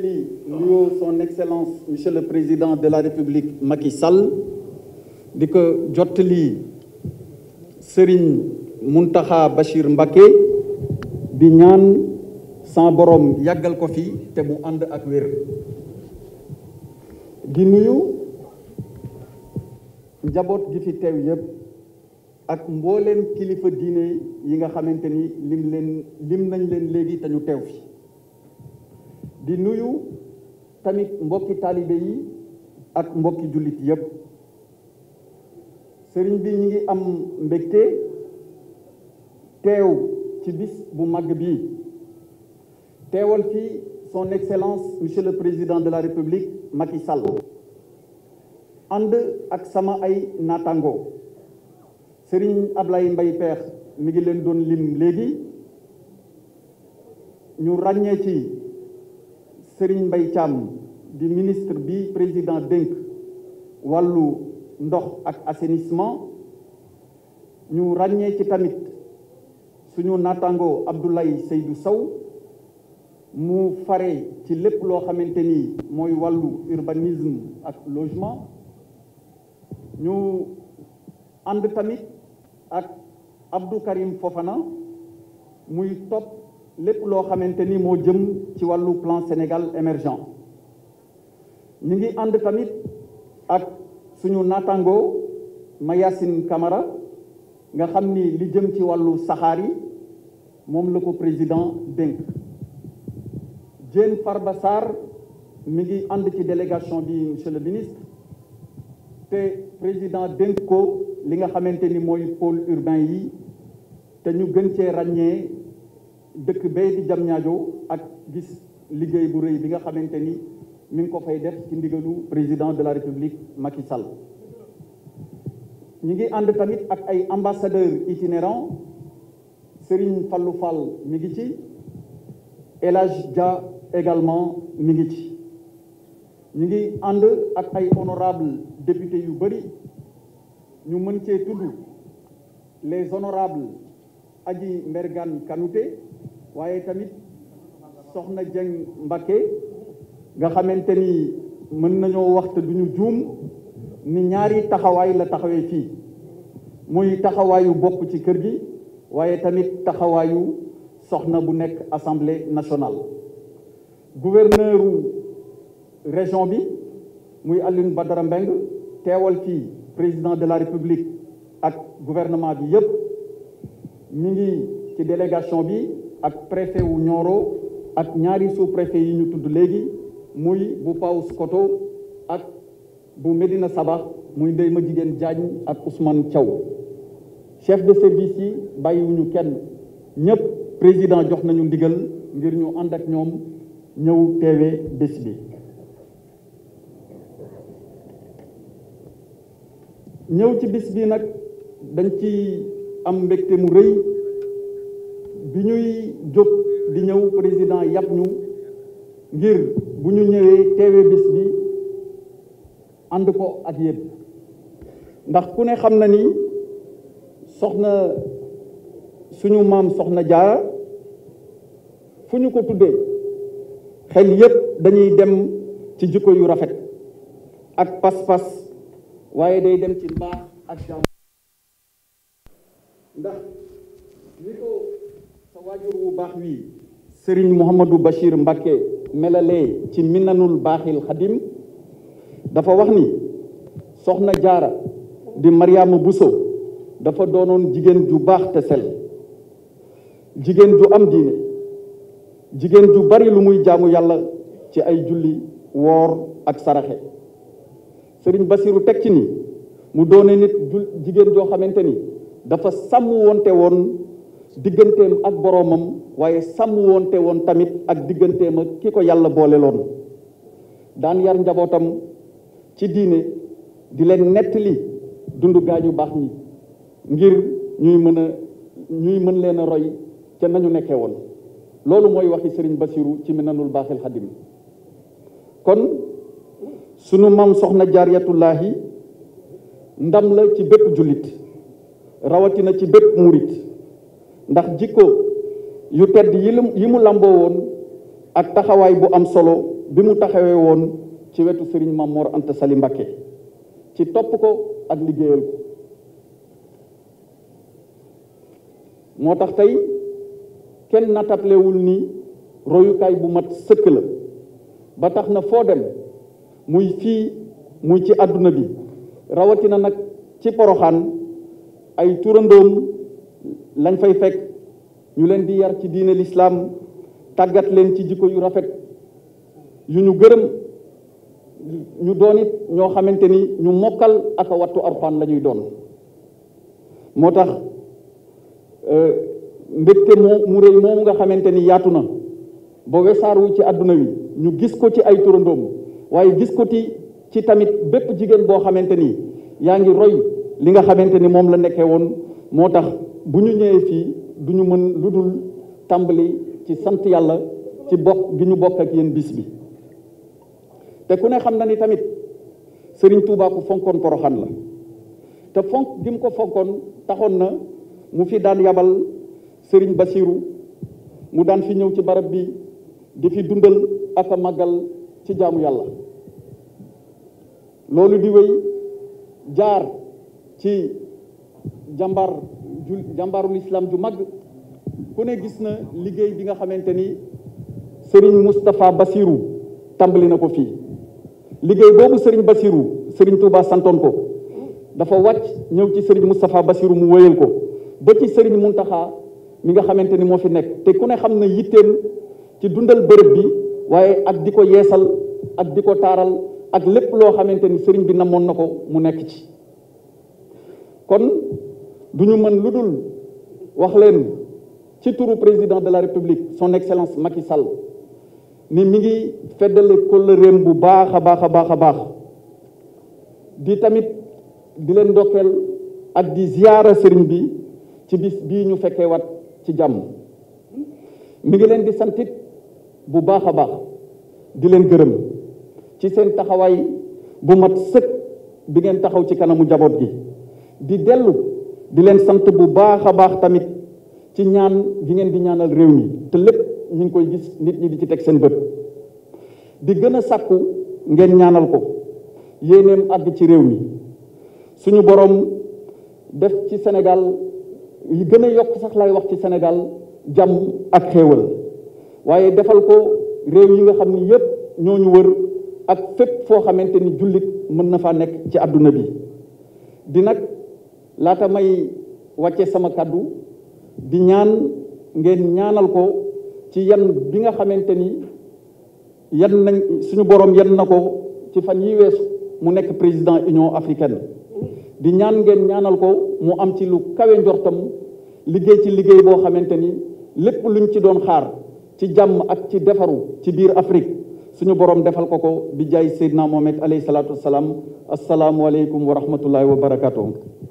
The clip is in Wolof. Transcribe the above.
jottali nuyoo son excellence monsieur président de la république Macky Sall di ko jottali Serigne Mountakha Bachir Mbacké bi ñaan sans boroom yàggal ko fi te mu ànd ak wér di nuyu njaboot gi fi teew yépp ak mbooleem kilifa diine yi nga xamante ni lim leen lim nañ leen léegi te ñu teew fi di nuyu tamit mbokki taalibe yi ak mbokki jullit yépp sëriñ bi ñu ngi am mbégte teew ci bis bu màgg bi teewal fi son excellence monsieur le président de la république Macky Sall ànd ak sama ay naataango sëriñ Ablaye Mbaye Peex mi ngi leen doon lim léegi ñu ràññee ci Serigne Mbaye Thiam di ministre bi président dénk wàllu ndox ak assainissement ñu ràññee ci tamit suñu naataango Abdoulaye Seydou Sow mu fare ci lépp loo xamante ni mooy wàllu urbanisme ak logement ñu ànd tamit ak Abdou Karim Fofana muy topp lépp loo xamante ni moo jëm ci wàllu plan Sénégal émergent ñu ngi ànd tamit ak suñu naataango Mayacine Camara nga xam ni li jëm ci wàllu saxaar yi moom la ko président dénk Diène Farba Sarr mi ngi ànd ci délégation bi monsieur le ministre te président dénk ko li nga xamante ni mooy pôle urbain yi te ñu gën cee ràññee dëkk bay di Diamniadio ak gis liggéey bu rëy bi nga xamante ni mi ngi ko fay def ci ndigalu président de la république Macky Sall ñi ngi ànd tamit ak ay ambassadeur itinérant Serigne Fallou Fall mi ngi ci El Hadj Dia également mi ngi ci ñi ngi ànd ak ay honorable député yu bëri ñu mën cee tudd les honorables Adji Mbergane Kanouté waaye tamit soxna Dieng Mbacké nga xamante ni mën nañoo wax te duñu juum ni ñaari taxawaay la taxawee fii muy taxawaayu bokk ci kër gi waaye tamit taxawaayu soxna bu nekk assemblée nationale gouverneur région bi muy ba dara Mbengue teewal fii président de la république ak gouvernement bi yépp mi ngi ci délégation bi ak préfet wu Nioro ak ñaari sous préfet yi ñu tudd léegi muy bu paw Paoskoto ak bu Médina Sabax muy Ndeye jigéen Diagne ak Ousmane Thiaw chef de service yi bàyyiwuñu kenn ñëpp président jox nañu ndigal ngir ñu ànd ak ñoom ñëw teewe bés bi ñëw ci bis bi nag dañ ci am mbégte mu rëy bi ñuy jóg di ñëw président yàpp ñu ngir bu ñu ñëwee teewee bis bi ànd ko ak yéen ndax ku ne xam na ni soxna suñu maam soxna jaar fu ñu ko tuddee xel yépp dañuy dem ci jikko yu rafet ak pas-pas waaye day dem ci mbaax ak jàmm sa waajur wu baax wi sëriñ Mouhamadou Bachir Mbacké melalee ci minanul baaxil xadim dafa wax ni soxna jaara di Mariama Bousso dafa doonoon jigéen ju baax te sel jigéen ju am diine jigéen ju bari lu muy jaamu yàlla ci ay julli woor ak saraxe sëriñ Basiru teg ci ni mu doone nit jigéen joo xamante ni dafa sàmm wonte woon digganteem ak boroomam waaye sàmm woonte woon tamit ak digganteem ak ki ko yàlla boole loon daan yar njabootam ci diine di leen nettali dundu gaañu baax ñi ngir ñuy mën a ñuy mën leen a roy ca nañu nekkee woon loolu mooy waxi sëriñ Bassirou ci Minanul Baaxil Xadim kon sunu maam soxna jaariyatullaahi ndam la ci bépp jullit rawatina ci bépp murit ndax jikko yu tedd yi mu lamboo woon ak taxawaay bu am solo bi mu taxawee woon ci wetu Serigne Mame Mor Anta ci topp ko ak liggéeyal ko moo tax tey kenn natablewul nii royukaay bu mat sëkk la ba tax na foo dem muy fii muy ci àdduna bi rawatina nag ci poroxaan ay turandoom lañ fay fekk ñu leen di yar ci diine lislaam tàggat leen ci jikko yu rafet yu ñu gërëm ñu doon ñoo xamante ni ñu mokkal ak a wattu arxaan la ñuy doon moo tax euh, mbégte moo mu rëy moomu nga xamante ni yaatu na ba wesaaru ci àdduna wi ñu gis ko ci ay turandoom waaye gis ko ci ci tamit bépp jigéen boo xamante ni yaa ngi roy li nga xamante ni moom la nekkee woon moo tax bu ñu ñëwee fii duñu mën lu dul tàmbali ci sant yàlla ci bokk gi ñu bokk ak yéen bis bi te ku ne xam na ni tamit sëriñ Touba ku fonkoon Poroxaan la te fonk gi mu ko fonkoon taxoon na mu fi daan yabal sëriñ Basiru mu daan fi ñëw ci barab bi di fi dundal ak a ci jaamu yàlla loolu di wéy jaar ci jàmbar ju jàmbaarul islam ju mag ku ne gis na liggéey bi nga xamante ni sëriñ Moustapha basiiru tàmbali na ko fii liggéey boobu sëriñ Bassirou sëriñ Touba santoon ko dafa wàcc ñëw ci Serigne Moustapha Bassirou mu wéyal ko ba ci Serigne Mountakha mi nga xamante ni moo fi nekk te ku ne xam na yitteem ci dundal bërëb bi waaye ak di ko yeesal ak di ko taaral ak lépp loo xamante ni sëriñ bi namoon na ko mu nekk ci kon. du ñu mën lu dul wax leen ci turu président de la république son excellence Macky Sall ni mi ngi feddale kóllëreem bu baax a baax a baax a baax di tamit di leen ndokkeel ak di ziyaara sëriñ bi ci bis bii ñu fekkee wat ci jàmm mi ngi leen di santit bu baax a baax di leen gërëm ci seen taxawaay bu mat sëkk bi ngeen taxaw ci kanamu jaboot gi di dellu di leen sant bu baax a baax tamit ci ñaan gi ngeen di ñaanal réew mi te lépp ñu ngi koy gis nit ñi di ci teg seen bët di gën a sàkku ngeen ñaanal ko yéeneem àgg ci réew mi suñu boroom def ci Sénégal yi gën a yokk sax lay wax ci senegal jàmm ak xéewal waaye defal ko réew yi nga xam ni yépp ñoo ñu wër ak fépp foo xamante ni jullit mën na faa nekk ci àdduna bi di nag laata may wàcce sama kàddu di ñaan ngeen ñaanal ko ci yan bi nga xamante ni yan nañ suñu borom yan na ko ci fan yi weesu mu nekk président Union africaine di ñaan ngeen ñaanal ko mu am ci lu kawe njortam liggéey ci liggéey boo xamante ni lépp luñ ci doon xaar ci jàmm ak ci defaru ci biir Afrique suñu borom defal ko ko bi jaay Seydina Mohamed alayhi salaatu wa salaam asalaamualeykum wa rahmatullahi wa